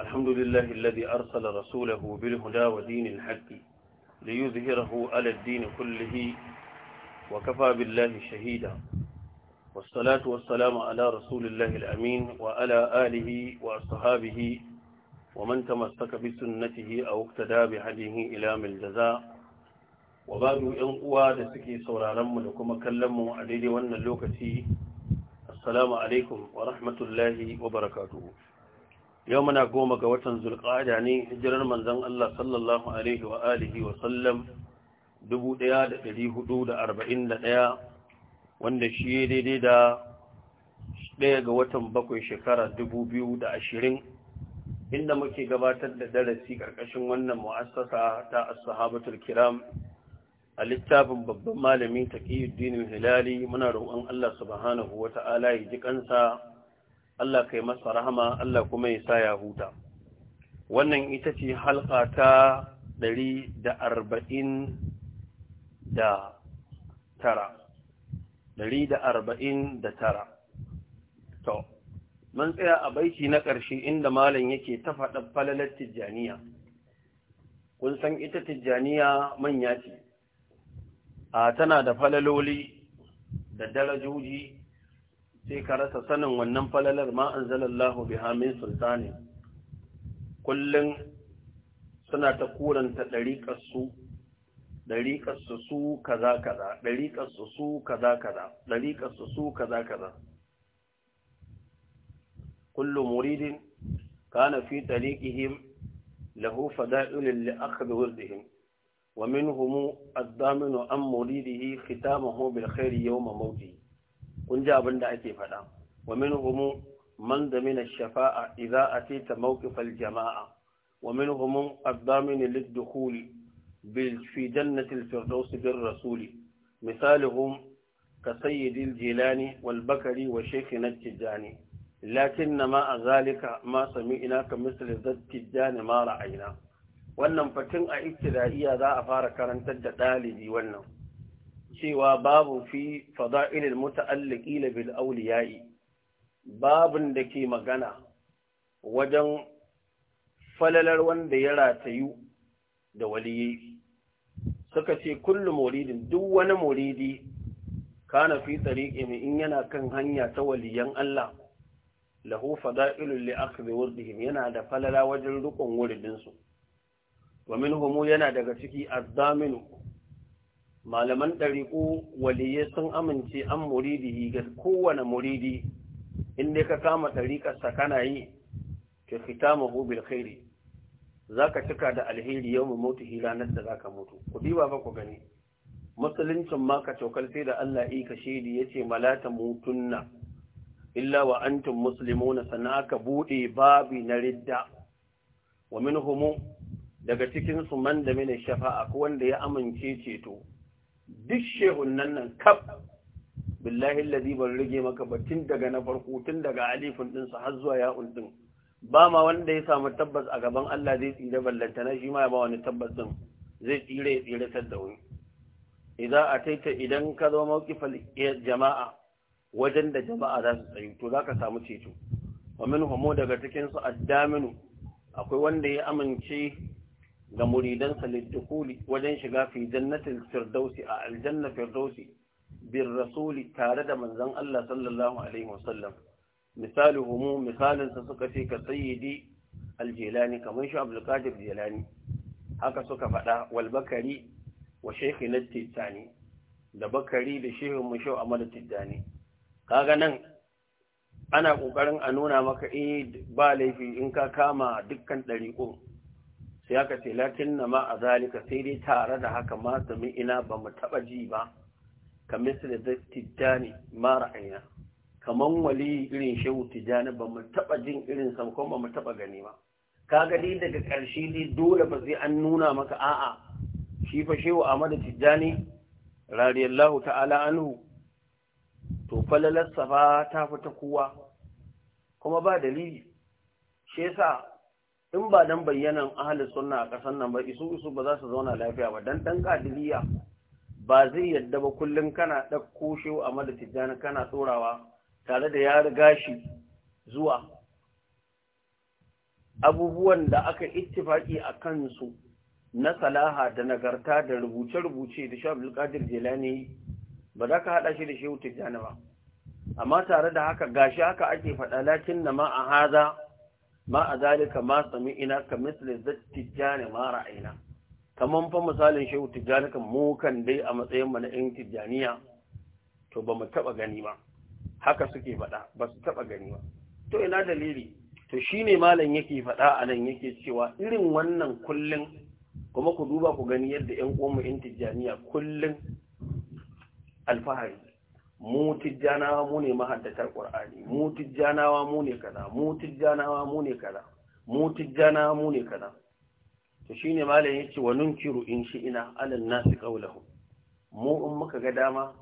الحمد لله الذي أرسل رسوله بالهدى ودين الحق ليظهره على الدين كله وكفى بالله شهيدا والصلاة والسلام على رسول الله الأمين وعلى آله وأصحابه ومن تمسك بسنته أو اقتدى بهديه إلى من الجزاء وبعد إن سكي دسكي سورارم لكم كلم عديد ون اللوكتي السلام عليكم ورحمة الله وبركاته yau muna goma ga watan zulƙada ne hijirar manzon Allah sallallahu alaihi wa alihi wa sallam 1441 wanda shi ya daidai da ɗaya ga watan bakwai shekara da ashirin, inda muke gabatar da darasi ƙarƙashin wannan mu'assasa ta as-sahabatul kiram a littafin babban malami taqiyuddin hilali muna roƙon Allah subhanahu wata'ala ya ji kansa Allah kai masa rahama Allah kuma ya sa ya huta wannan ita ce halka ta ɗari da arba'in da tara to mun tsaya a baiki na ƙarshe inda malam yake ta faɗa falalar tijjaniya kun san ita tijjaniya manya ce a tana da falaloli da darajoji sai ka rasa sanin wannan falalar ma zalallahu bi hamin sultani kullum suna ta kuranta ɗariƙarsu ɗariƙarsu su kaza kaza ɗariƙarsu su kaza kaza ɗariƙarsu su kaza kaza kullu muridin kana fi ɗariƙihim lahu fada'ilin li'akhadhi wurdihim wa minhum ad-daminu an muridihi khitamahu bil khairi yawma mawtihi kun ji abin da ake faɗa wa min humu man damina ash-shafa'a idza atita mawqif al-jama'a wa minhum ad-damin lid-dukhul bil fi jannati al-firdaws bir-rasul misaluhum ka jilani كسيد الجيلاني والبكري وشيخنا التجاني لكن ما ذلك ما سمعنا كمثل ذا التجاني ما رأينا wannan fatin a ibtida'iyya za a fara karantar da ɗalibi wannan cewa babu fi fada'ilil muta'alliqina bil awliya'i babun da ke magana wajen falalar wanda ya ratayu da waliyi suka ce kullu muridin duk wani muridi kana fi tsariƙe mai in yana kan hanya ta waliyan Allah lahu fada'ilul li akhdhi wurdihim yana da falala wajen rukun wuridinsu wa minhum yana daga ciki azzaminu malaman ɗariƙo waliye sun amince an muridi ga kowane muridi inda ka kama ɗariƙarsa kana yi ka fita mahu bil za ka cika da alheri yau mu mutu ranar da za ka mutu ku diba ba ku gani musuluncin ma ka cokal sai da Allah yi ka shaidi ya ce malata mutunna illa wa antum muslimuna sannan aka buɗe babi na ridda wa minhumu daga cikin su man da mini shafa'a ko wanda ya amince ceto duk shehun nan nan kaf billahi allazi ban rige maka ba tun daga na farko tun daga alifin din sa har zuwa ya'un din ba ma wanda ya samu tabbas a gaban Allah zai tsira na shi ma ya ba wani tabbas din zai tsira ya tsira tar da wani idan a taita idan ka zo mawqifal jama'a wajen da jama'a za su tsaye to zaka samu ceto wa min daga cikin su addaminu akwai wanda ya amince ga muridansa liddukuli wajen shiga fi jannatin firdausi a aljanna firdausi bin rasuli tare da manzon Allah sallallahu alaihi wasallam misali humu misalinsa suka ce ka sayyidi aljelani kamar shi abdulkadir jelani haka suka faɗa wal bakari wa shekhi na tijjani da bakari da shehin mu shau amala tijjani kaga nan ana ƙoƙarin a nuna maka eh ba laifi in ka kama dukkan ɗariƙo sai aka ce lakin na ma a zalika sai dai tare da haka ma sami ina ba mu taɓa ji ba kamar su da Tijjani mara aina kamar wali irin shehu Tijjani ba mu taɓa jin irin sa kuma ba mu taɓa gani ba ka gani daga ƙarshe dai dole ba sai an nuna maka a'a shi fa shehu ahmadu tijjani radiyallahu ta'ala anhu to falalarsa ba ta fita kowa kuma ba dalili shi yasa in ba dan bayyanan halin sunna a ƙasar nan ba isu isu ba za su zauna lafiya ba dan dan kadiriya ba zai yadda ba kullum kana ɗauko shi a mada tijjani kana tsorawa tare da ya riga shi zuwa abubuwan da aka ittifaki a kansu na salaha da nagarta da rubuce-rubuce da sha bulkadir Jilani ba za ka haɗa shi da shehu tijjani ba amma tare da haka gashi haka ake faɗa lakin na ma a haza ma a zalika ma sami ina ka misli tijjani ma ra'ayina kaman fa misalin shehu tijjani kan mu kan dai a matsayin mu na yan tijjaniya to ba mu taɓa gani ba haka suke faɗa ba su taɓa gani ba to ina dalili to shine malam yake faɗa a nan yake cewa irin wannan kullum kuma ku duba ku gani yadda yan uwan mu yan tijjaniya kullun alfahari mu tijjanawa mu ne mahaddatar ƙwar'ani mu tijjanawa mu ne kaza mu tijjanawa mu ne kaza mu tijjanawa mu ne kaza to shine malamin yace wa nunkiru in shi ina alal nasi qawluhu mu in muka ga dama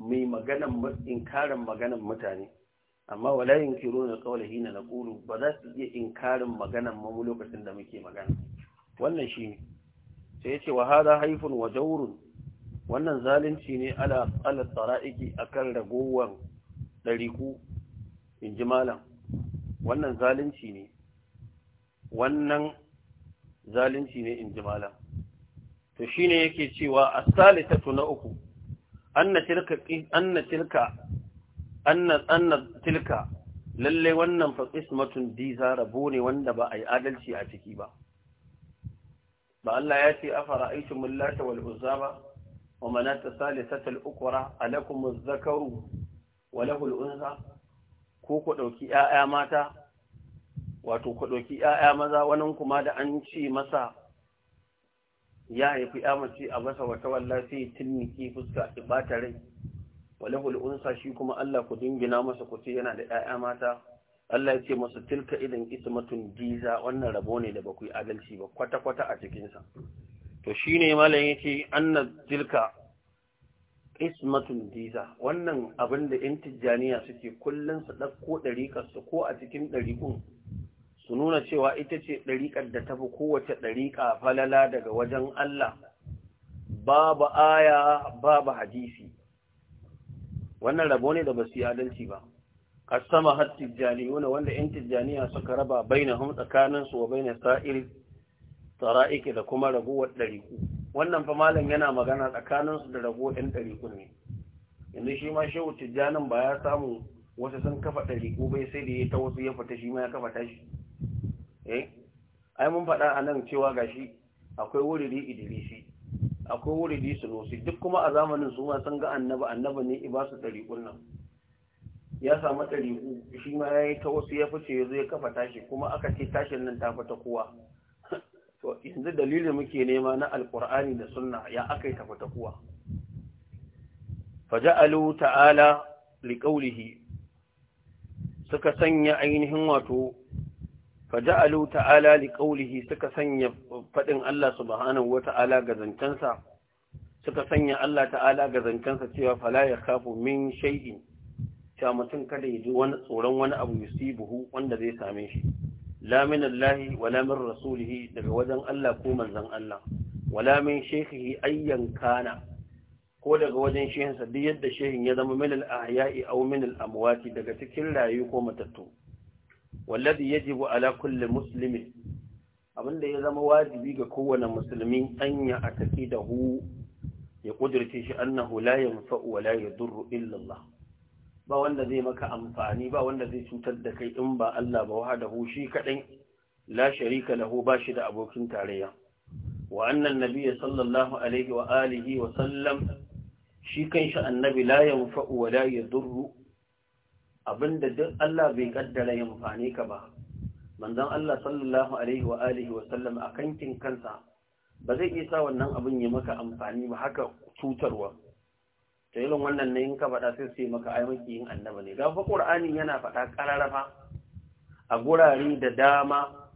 mai maganan inkarin maganan mutane amma wala yunkiruna qawlihi na naqulu ba za su iya inkarin maganan mu lokacin da muke magana wannan shi sai yace wa hada haifun wa jawrun wannan zalunci ne ala alat tsara'iki akan ragowar ɗariku in ji malam wannan zalunci ne wannan zalunci ne in ji malam to shine yake cewa as-salisatu na uku anna tilka anna tilka anna tilka lalle wannan fa matun di zarabo ne wanda ba a yi adalci a ciki ba ba Allah ya ce afara aitu millata wal uzza ba ومناة الثالثة الأخرى ألكم الذكر وله الأنثى كوكو دوكي آآ ماتا وتوكو دوكي آآ مذا وننكو ماذا أنشي مسا يا يفي آمتي أبسا وتولى في تلمكي فسكا إباتري وله الأنثى شيكما ألا كدين جنامس كتينا لآآ ماتا Allah ya ce masu tilka idan ismatun jiza wannan rabo ne da bakwai adalci ba kwata-kwata a cikinsa. to shine malam ce, anna tilka ismatun diza wannan abin da yan tijjaniya suke kullun su dauko dariƙar ko a cikin dariƙun su nuna cewa ita ce dariƙar da tafi kowace dariƙa falala daga wajen Allah babu aya babu hadisi wannan rabo ne da ba su yi adalci ba kasama har tijjani wanda yan tijjaniya suka raba bainahum tsakaninsu wa bainas sa'ir tsara'iki da kuma raguwar ɗariku wannan fa malam yana magana tsakaninsu da raguwar ɗan ɗariku ne yanzu shi ma shehu tijjanin ba ya samu wasu sun kafa ɗariku bai sai da ya ta wasu ya fita shi ma ya kafa tashi eh ai mun faɗa a nan cewa gashi akwai wuridi idrisi akwai wuridi sunusi duk kuma a zamanin su ma sun ga annabi annabi ne ibasu su ɗariƙun nan ya samu ɗariƙu shi ma ya yi ta wasu ya fice ya zo ya kafa tashi kuma aka ce tashin nan ta fita kowa to yanzu dalilin muke nema na alkur'ani da sunna ya aka yi tafi kuwa. faja'alu ta'ala liqaulihi suka sanya ainihin wato faja'alu ta'ala liqaulihi suka sanya fadin Allah subhanahu wata'ala ga zancansa suka sanya Allah ta'ala ga zancensa cewa fala ya kafu min shay'in cewa mutum kada ya ji wani tsoron wani abu yusibuhu wanda zai same shi la min Allah wala min daga wajen Allah ko manzan Allah wala min shaykhihi ayyan kana ko daga wajen shehinsa duk yadda shehin ya zama min al-ahya'i aw min al daga cikin rayu ko matattu wallazi yajibu ala kulle musulmi abinda ya zama wajibi ga kowane musulmi an ya ataki da hu ya kudirce shi annahu la yanfa'u wa la yadurru ba wanda zai maka amfani ba wanda zai cutar da kai in ba Allah ba wahdahu shi kadai la sharika lahu bashi da abokin tarayya wa annan nabiyyi sallallahu alaihi wa alihi wa sallam shi kanshi annabi la yanfa'u wa la yadurru abinda duk Allah bai kaddara yamfane ka ba manzon Allah sallallahu alaihi wa alihi wa sallam akan kin kansa ba zai isa wannan abin ya maka amfani ba haka cutarwa to irin wannan ne in ka faɗa sai su yi maka ai maki yin annaba ne ga fa qur'ani yana faɗa kararrafa a gurare da dama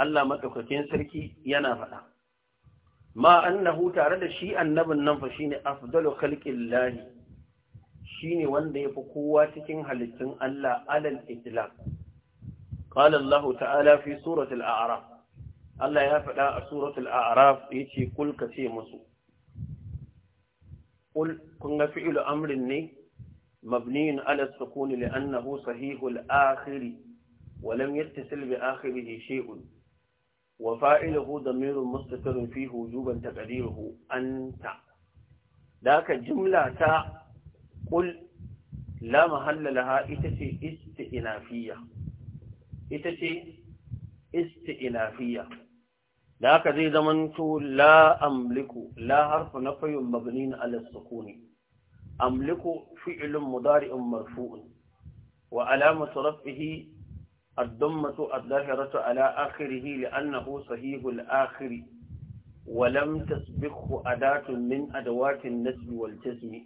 Allah madaukakin sarki yana faɗa ma annahu tare da shi annabin nan fa shine afdalu khalqillahi shine wanda yafi kowa cikin halittun Allah alal itlaq قال الله تعالى في سورة الأعراف الله يفعل سورة الأعراف يتي كل كثير مسو قل كنا فعل أمر ني مبني على السكون لأنه صحيح الآخر ولم يتصل بآخره شيء وفائله ضمير مستتر فيه وجوبا تقديره أنت ذاك جملة تا قل لا محل لها إتتي استئنافية إتتي استئنافية لا کدی زمن تو لا املکو لا حرف نفی مبنی على السكون املکو فعل مضارع مرفوع وعلامة رفعه الدمة الظاهرة على آخره لأنه صحيح الآخر ولم تسبقه أداة من أدوات النسب والجزم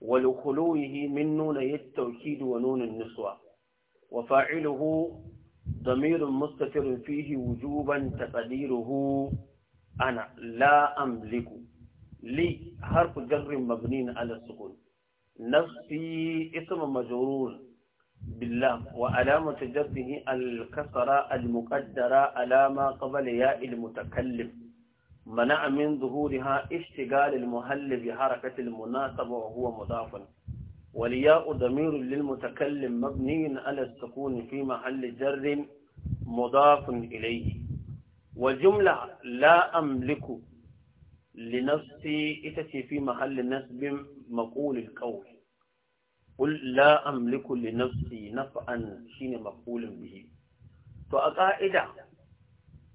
ولخلوه من نون التوكيد ونون النسوة وفاعله ضمير مستتر فيه وجوبا تقديره أنا لا أملك لي حرف جر مبني على السكون نفسي اسم مجرور بالله وعلامة جره الكسرة المقدرة على ما قبل ياء المتكلم منع من ظهورها اشتغال المهل بحركة المناسبة وهو مضاف ولياء ضمير للمتكلم مبني على السكون في محل جر مضاف إليه وجملة لا أملك لنفسي إتتي في محل نسب مقول القول قل لا أملك لنفسي نفعا شين مقول به فأقائد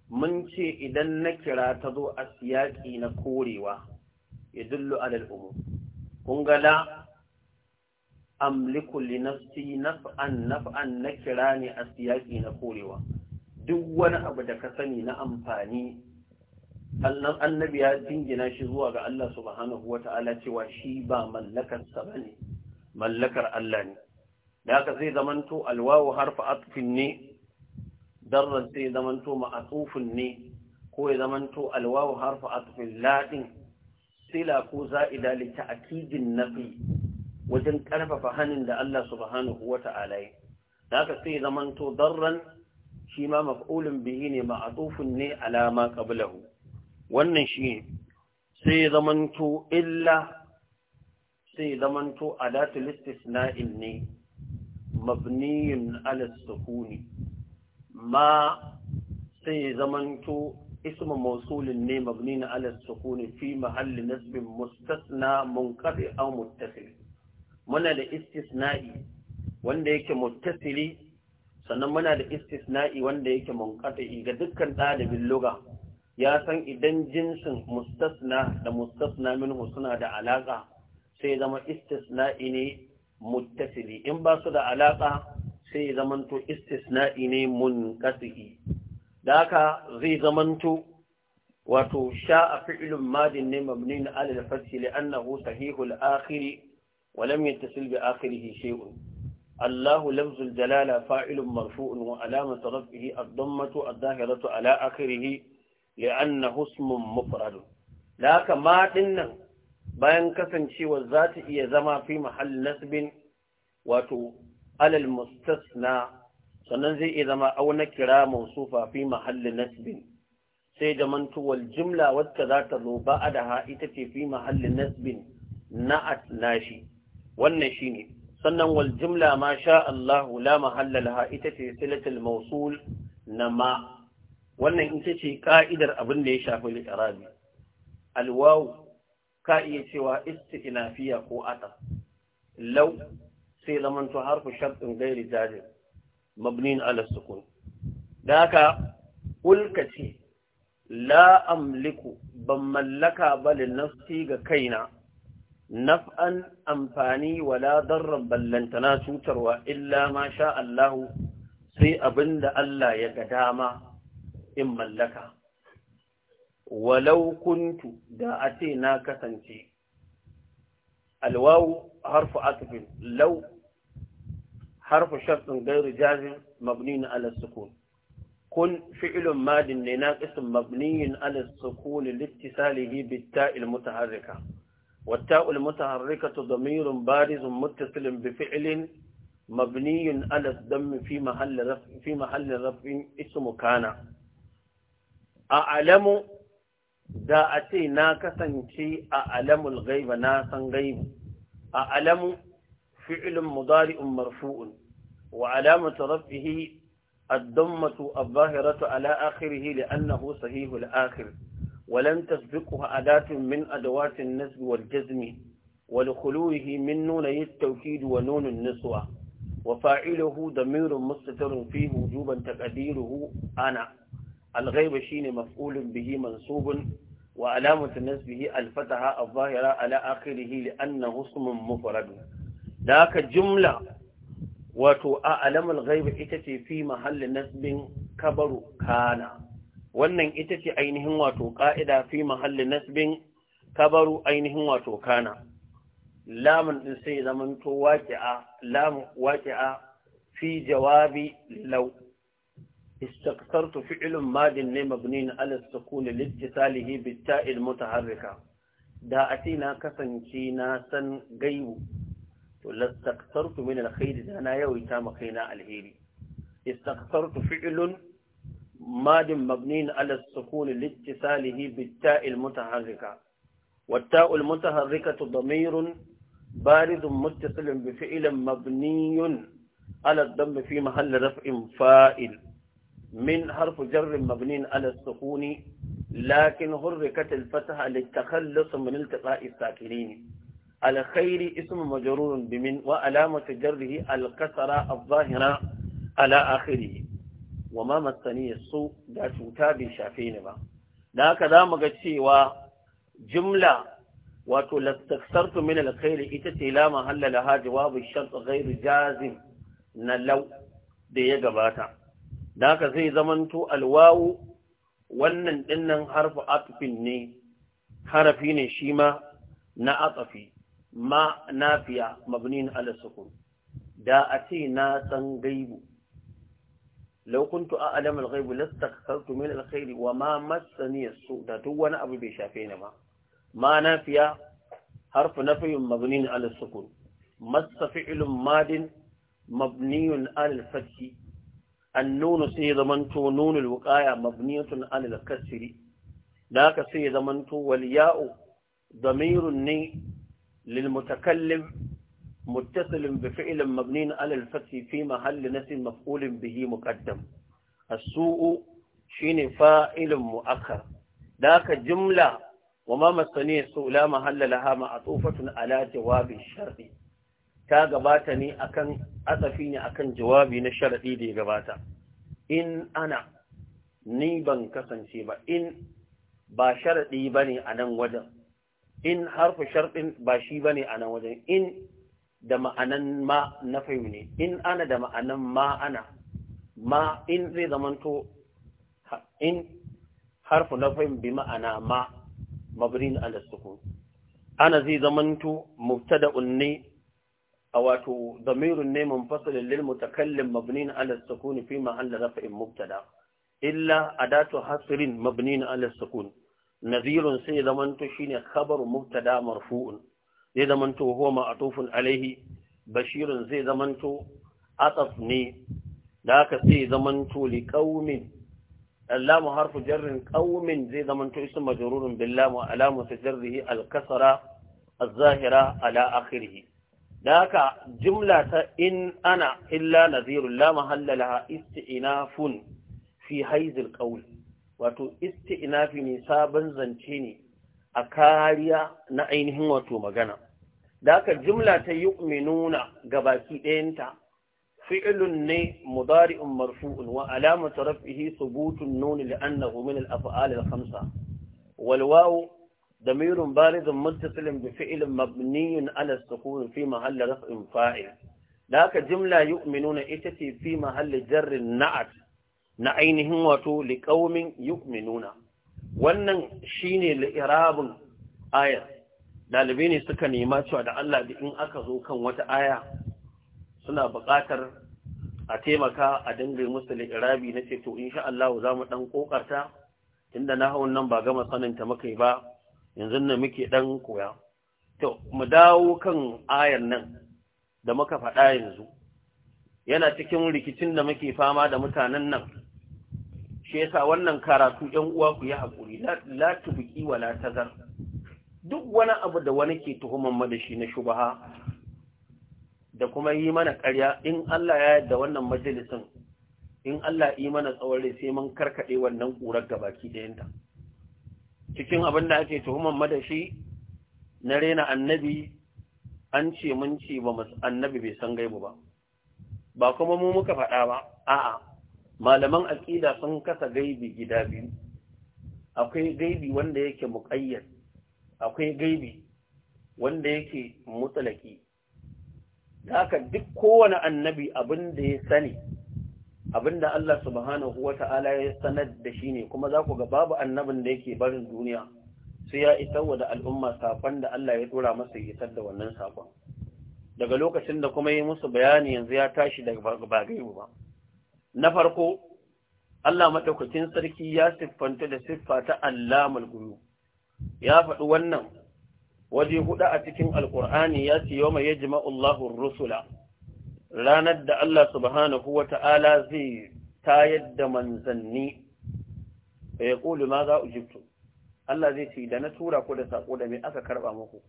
من شيء إذا نكرا تضوء السياق نكوري يدل على الأمور قنقلا amliku li nafsi naf'an naf'an na kira ne a siyaƙi na korewa duk wani abu da ka sani na amfani annabi ya dingina shi zuwa ga Allah subhanahu wata'ala cewa shi ba mallakar sa bane mallakar Allah ne da haka zai zamanto alwawu harfa atfin ne darran sai zamanto ma'atufin ne ko ya zamanto alwawu harfa atfin ladin sila ko za'ida li ta'kidin nafi wajen ƙarfafa hannun da Allah subhanahu wa ta'ala yi da aka sai zamanto darran shi ma maf'ulun bihi ne ma'atufun ne alama qablahu wannan shi sai zamanto illa sai zamanto adatul istisna'in ne mabniyun ala sukuni ma sai zamanto اسم موصول مبني على السكون في محل نسب مستثنى منقطع أو متصل muna da istisna'i wanda yake muttasili sannan muna da istisna'i wanda yake munqati ga dukkan ɗalibin lugha ya san idan jinsin mustasna da mustasna minhu suna da alaka sai zama istisna'i ne muttasili in ba su da alaka sai zamanto istisna'i ne munqati da haka zai zamanto wato sha'a fi'lun madin ne mabni na alal fasli annahu sahihul akhiri ولم يتصل بآخره شيء الله لفظ الجلالة فاعل مرفوع وعلامة رفعه الضمة الظاهرة على آخره لأنه اسم مفرد لك ما إن بين كسن شيء والذات هي زما في محل نسب وتو على المستثنى سننزي إذا ما أو نكرا موصوفا في محل نسب سيد من تو الجملة وكذا تلو بعدها إتتي في محل نسب نأت ناشي wannan ne, sannan wal jumla ma sha Allah la mahalla ita ce silatul mawsul na ma wannan ita ce ka'idar abin da ya shafi al alwaw ka iya cewa istinafiya ko ata law sai zamanto harfu shartin gairi jazim mabnin ala sukun da haka ulka ce la amliku ban mallaka ba nafsi ga kaina naf'an amfani wala darran ballantana cutarwa illa ma sha Allahu, sai abinda Allah ya ga dama in mallaka walau kuntu da a ce na kasance alwawu harfu atfin law harfu shartin gairu jazin mabnin ala kun fi'ilun madin ne na ism mabniyin ala sukun liittisalihi bit ta'il mutaharrika والتاء المتحركة ضمير بارز متصل بفعل مبني على الضم في محل رفع في محل رفع اسم كان أعلم da a ce na kasance a alamul gaiba na san gaibu a alamu fi'ilun mudari'un marfu'un wa alamatu rabbihi ad-dammatu adh-dhahiratu ala akhirih li'annahu sahihul akhir ولم تسبقها أداة من أدوات النسب والجزم ولخلوه من نون التوكيد ونون النسوة وفاعله ضمير مستتر فيه وجوبا تقديره أنا الغيب شين مفعول به منصوب وعلامة نسبه الفتحة الظاهرة على آخره لأنه اسم مفرد ذاك جملة وتؤلم الغيب إتتي في محل نسب كبر كان wannan ita ce ainihin wato ƙa’ida fi mahalli nasbin kabaru ainihin wato kana lamun ɗin sai zamanto waƙi’a fi jawabi lau istakartu fi ilin madin ne mabini na alasta kuli littisalihi bitta ilmu ta da a ce na kasance na san gaibu istakartu min alkhairi da na yawaita na alheri istakartu fi ilin ماد مبني على السكون لاتصاله بالتاء المتحركة والتاء المتحركة ضمير بارد متصل بفعل مبني على الضم في محل رفع فائل من حرف جر مبني على السكون لكن حركت الفتحة للتخلص من التقاء الساكنين الخير اسم مجرور بمن وعلامة جره الكسرة الظاهرة على آخره wa ma masani su da cuta bai shafe ni ba da haka za mu ga cewa jumla wato lastaksartu min alkhairi ita ce la mahalla ha jawabu shart ghairu jazim na law da ya gabata da haka zai zamanto alwawu wannan dinnan harfu atfin ne harafi ne shi ma na atfi ma nafiya mabnin ala sukun da a ce na san gaibu لو كنت أعلم الغيب لاستكثرت من الخير وما مسني السوء ده duk wani ما ما shafe ni ba ma nafiya harf nafi mabni ala sukun masa fi'l النون سيد منتو نون الوقاية مبنية على الكسر ذاك سيد منتو والياء ضمير ني للمتكلم متصل بفعل مبني على الفتح في محل نسب مفعول به مقدم السوء شين فاعل مؤخر ذاك جملة وما مسني السوء لا محل لها معطوفة على جواب الشرط ta gabata ne akan atsafi ne akan jawabi na sharadi da ya gabata in ana ni ban kasance ba in ba sharadi bane a wajen in harfi sharadin ba shi bane a wajen in da ma'anan ma na fayu ne in ana da ma'anan ma ana ma in zai zamanto in harfu na fayu bi ma'ana ma mabrin ala ana zai zamanto da ne a wato damirun ne munfasilin lil mutakallim mabnin ala sukun fi ma'alla rafa'in mubtada illa adatu hasrin mabnin ala sukun nadhirun sai zamanto shine khabaru mubtada marfu'un zai zamanto huwa ma'atufun alaihi bashirun zai zamanto Asaf ne da aka sai zamanto li qaumin allamu harfu jarrin qaumin zai zamanto majarurin majrurun billahi alamatu jarrihi al-kasra الظاهرة على آخره ذاك جملة إن أنا إلا نذير لا محل لها استئناف fi حيز القول wato isti'inafi ne sabon zance ne a kariya na ainihin wato magana da aka jumla ta yu'minuna gabaki ɗayanta fi'ilun ne mudari'un marfu'un wa alamatu raf'ihi thubutun nun li'annahu min al-af'al al-khamsa wal wawu ضمير بارد متصل بفعل مبني على السكون في محل رفع فاعل ذاك جملة يؤمنون إتتي في محل جر النعت نعينهم وتو لقوم يؤمنون wannan shi shine li'irabun ayar. dalibai ne suka nema cewa da Allah da in aka zo kan wata aya suna buƙatar a taimaka a dinga musu li'irabi na ceto to sha Allah za mu ɗan ƙoƙarta tunda na haun nan ba gama sanin ta muka ba yanzu nan muke ɗan koya to mu dawo kan ayar nan da muka faɗa yanzu yana cikin rikicin da muke fama da mutanen nan shi yasa wannan karatu ƴan uwa ku yi hakuri la tubqi wa la tazar duk wani abu da wani ke tuhuman ma da shi na shubaha da kuma yi mana ƙarya in Allah ya yarda wannan majalisin in Allah yi mana tsawon rai sai mun karkade wannan ƙurar gabaki ɗayanta cikin abin da ake tuhuman ma da shi na rena annabi an ce mun ce ba annabi bai san gaibu ba ba kuma mu muka faɗa ba a'a malaman aƙida sun kasa gaibi gida biyu akwai gaibi wanda yake muƙayyar akwai gaibi wanda yake mutsalaki da haka duk kowane annabi abin da ya sani abin da Allah subhanahu wa ta'ala ya sanar da shi ne kuma za ku ga babu annabin da yake barin duniya sai ya isa wa da al'umma safan da Allah ya tura masa ya isar da wannan saƙon daga lokacin da kuma yi musu bayani yanzu ya tashi daga ba gaibu ba na farko Allah maɗaukacin sarki ya siffanta da siffa ta allamul guyu ya faɗi wannan waje huɗu a cikin alkur'ani ya ce yau mai yajima Allahun rusula ranar da Allah subhanahu wa ta'ala zai tayar da manzanni da ya ƙulu ma za ujibtu Allah zai ce da na tura ku da saƙo da mai aka karɓa muku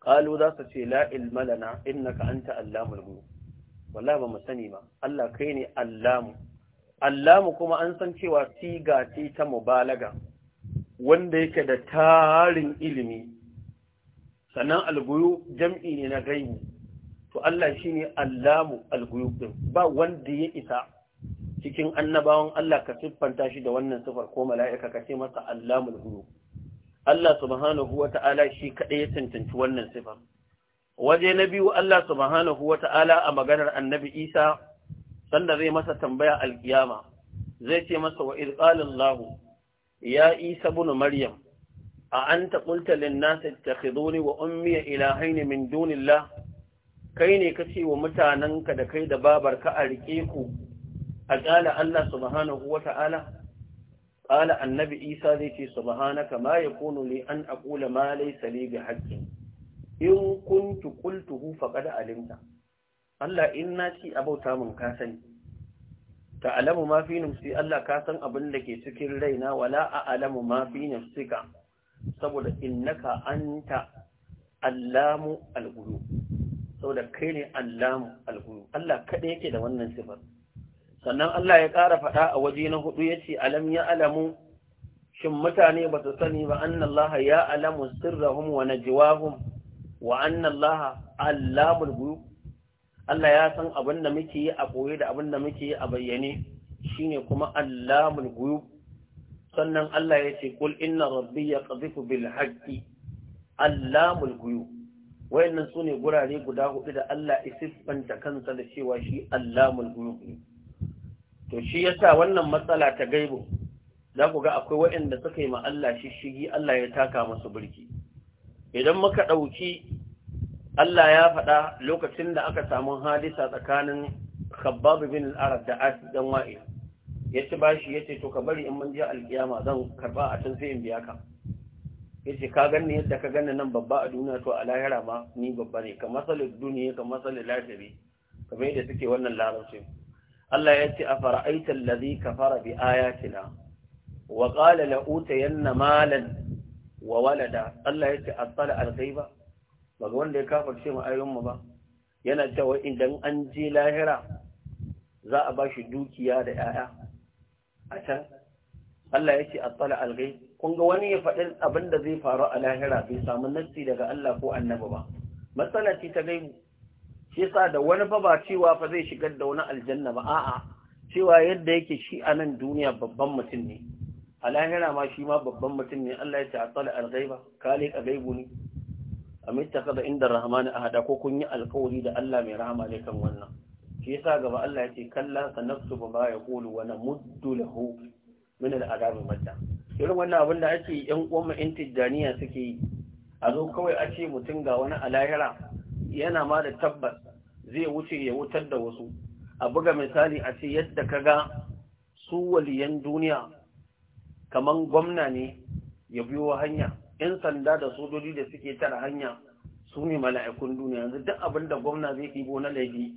ƙalu za su ce la in innaka anta allamul guyu wallahi ba mu sani ba Allah kai ne allamu allamu kuma an san cewa siga ce ta mubalaga wanda yake da tarin ilimi sannan alguyu jam'i ne na gaibu to Allah shine allamu alguyu din ba wanda ya isa cikin annabawan Allah ka siffanta shi da wannan sifar ko mala'ika ka ce masa allamul alguyu Allah subhanahu wa ta'ala shi kaɗai ya cancanci wannan sifar. waje na biyu Allah subhanahu ta'ala a maganar annabi Isa sanda zai masa tambaya alkiyama zai ce masa wa idqalallahu ya Isa bunu Maryam a anta qulta lin nas ittakhiduni wa ummi ilahayn min kai ne kace wa mutananka da kai da babarka a rike ku a qala Allah subhanahu wata'ala Ƙala annabi Isa zai ce subhanaka ma yakunu ne an aqula ma laysa ga bihaqqin in kuntu qultuhu faqad alimta Allah in na ci abauta mun ka sani ta'lamu ma fi nafsi Allah ka san abin da ke cikin raina wala a a'lamu ma fi nafsika saboda innaka anta allamu al-ghuyub saboda kai ne allamu al-ghuyub Allah kada yake da wannan sifar sannan Allah ya ƙara faɗa a waje na hudu ya ce alam ya alamu shin mutane ba su sani ba annallaha ya alamu sirrahum wa najwahum wa anna Allah allamul ghuyub Allah ya san abin da muke yi a koye da abin da muke yi a bayyane shine kuma allamul ghuyub sannan Allah ya ce kul inna rabbi yaqdhifu bil haqqi allamul ghuyub wayannan sune gurare guda hudu da Allah isiffanta kansa da cewa shi allamul ghuyub to shi yasa wannan matsala ta gaibo za ku ga akwai wayanda suka yi ma Allah shishigi Allah ya taka masu birki. idan muka ɗauki Allah ya faɗa lokacin da aka samu hadisa tsakanin khabbab bin al-arab da ya ci ba yace ya ce to ka bari in mun je alkiyama zan karba a can sai in biya ka ce ka ganni yadda ka ganni nan babba a duniya to a lahira ma ni babba ne ka masalin duniya ka masalin lahiri kamar yadda suke wannan larabci Allah ya ce a fara'aita ka fara bi ayatina wa qala la utayanna malan wa walada Allah ya ce asala al-ghaiba ba wanda ya kafarce mu ayoyin mu ba yana cewa idan an je lahira za a ba shi dukiya da 'ya'ya a can Allah ya ce asala al-ghaib kun ga wani ya faɗi abin da zai faru a lahira bai samu nassi daga Allah ko annabi ba matsala ce ta gaibu shi da wani fa ba cewa fa zai shigar da wani aljanna ba a'a cewa yadda yake shi a nan duniya babban mutum ne a lahira ma shi ma babban mutum ne Allah ya ce a tsala kale ka gaibu ne amma ta kaza inda rahmani hada, ko kun yi alkawari da Allah mai rahama ne kan wannan shi yasa gaba Allah ya ce kalla nafsu ba ya kulu wa namuddu lahu min al'adab madda irin wannan abin da ake yan uwan mu intijaniya suke yi a zo kawai a ce mutum ga wani alahira. yana ma da tabbas zai wuce ya wutar da wasu a buga misali a ce yadda ka ga su waliyan duniya kaman gwamna ne ya biyo hanya yan sanda da sojoji da suke tara hanya su ne mala'ikun duniya yanzu duk abin da gwamna zai ɗibo na laifi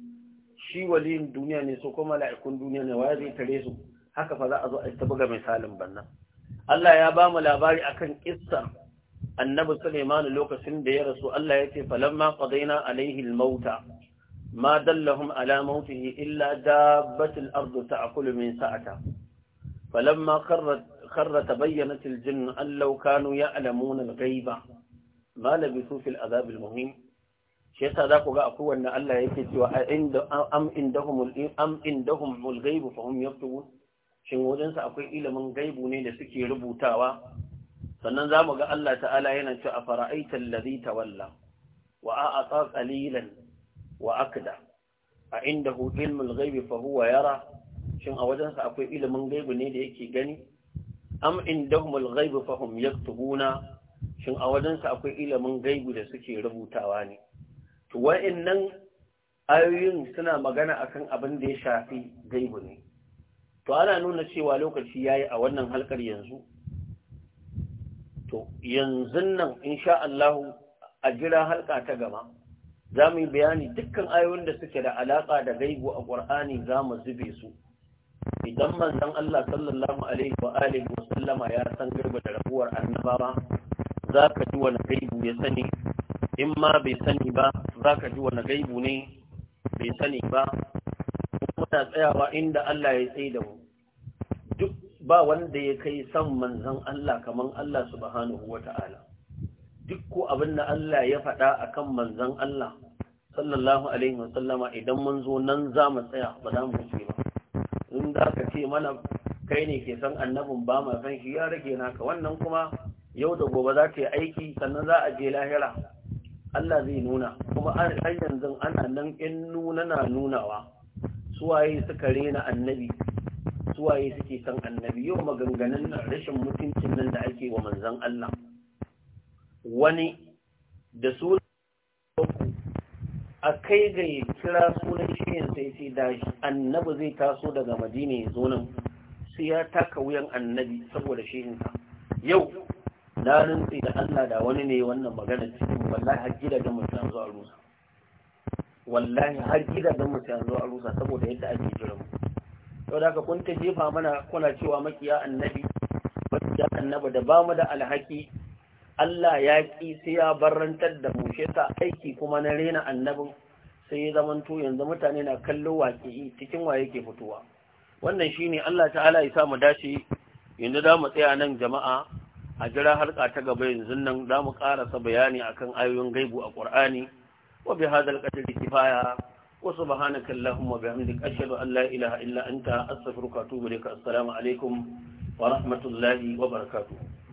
shi waliyin duniya ne su kuma mala'ikun duniya ne waye zai tare su haka fa za a zo a ta buga misalin bannan Allah ya ba mu labari akan kissar annabi Sulaiman lokacin da ya rasu Allah ya ce falamma qadaina alaihi almauta ma dallahum ala mautihi illa dabbatul ardu ta'kulu min sa'ata falamma qarrat kharra ta bayyana tiljin, an law kanu ya alamuna gaiba. ma labisu fil azab al-muhim shi yasa za ku ga akwai wanda Allah yake cewa a inda am indahum am indahum al-ghaib fa hum yaktubun shin wajen sa akwai ilimin gaibu ne da suke rubutawa sannan za mu ga Allah ta'ala yana cewa afara'aita alladhi tawalla wa a'ata qalilan wa akda a indahu ilmul ghaibi fa huwa yara shin a wajen wajensa akwai ilimin gaibu ne da yake gani am al-ghaib fa hum yaktubuna shin a wajensa akwai ilimin gaibu da suke rubutawa ne to wa'annan ayoyin suna magana akan abin da ya shafi gaibu ne to ana nuna cewa lokaci yayi a wannan halkar yanzu to yanzu nan insha Allah a jira halka ta gaba za mu yi bayani dukkan ayoyin da suke da alaka da gaibu a Qur'ani za mu zube su idan manzon Allah sallallahu alaihi wa alihi wa sallama ya san Garba da rabuwar annabawa zaka ji wani gaibu ya sani in ma bai sani ba zaka ji wani gaibu ne bai sani ba muna tsayawa inda Allah ya tsaye da mu duk ba wanda ya kai san manzon Allah kaman Allah subhanahu wata'ala duk ko abin da Allah ya faɗa akan manzon Allah sallallahu alaihi wa sallama idan mun zo nan za mu tsaya ba za mu wuce ba in za ka ce mana kai ne ke san annabin ba ma san shi ya rage naka wannan kuma yau da gobe za ta yi aiki sannan za a je lahira Allah zai nuna kuma an yanzu ana nan in nuna na nunawa suwaye suka rena annabi suwaye suke san annabi yau maganganun nan rashin mutuncin nan da ake wa manzon Allah wani da su a kai ga ya kira sunan shirin sai sai da annabi zai taso daga madina ya zo nan sai ya taka wuyan annabi saboda shirinsa yau na rintsi da Allah da wani ne wannan magana cikin wallahi har gida da mutum a rusa wallahi har gida da mutum a rusa saboda yadda ake jiran mu yau da kun ta jefa mana kuna cewa makiya annabi makiya annabi da ba mu da alhaki Allah ya ƙi sai ya barrantar da mu aiki kuma na rena annabin sai ya zamanto yanzu mutane na kallo yi, cikin wa yake fitowa wannan shine Allah ta'ala ya sa mu dace yanzu da mu tsaya nan jama'a a jira harka ta gaba yanzu nan za mu karasa bayani akan ayoyin gaibu a Qur'ani wa bi hadal qadri kifaya wa subhanaka allahumma bihamdika ashhadu an la ilaha illa anta astaghfiruka wa atubu ilaik assalamu alaikum rahmatullahi wa barakatuh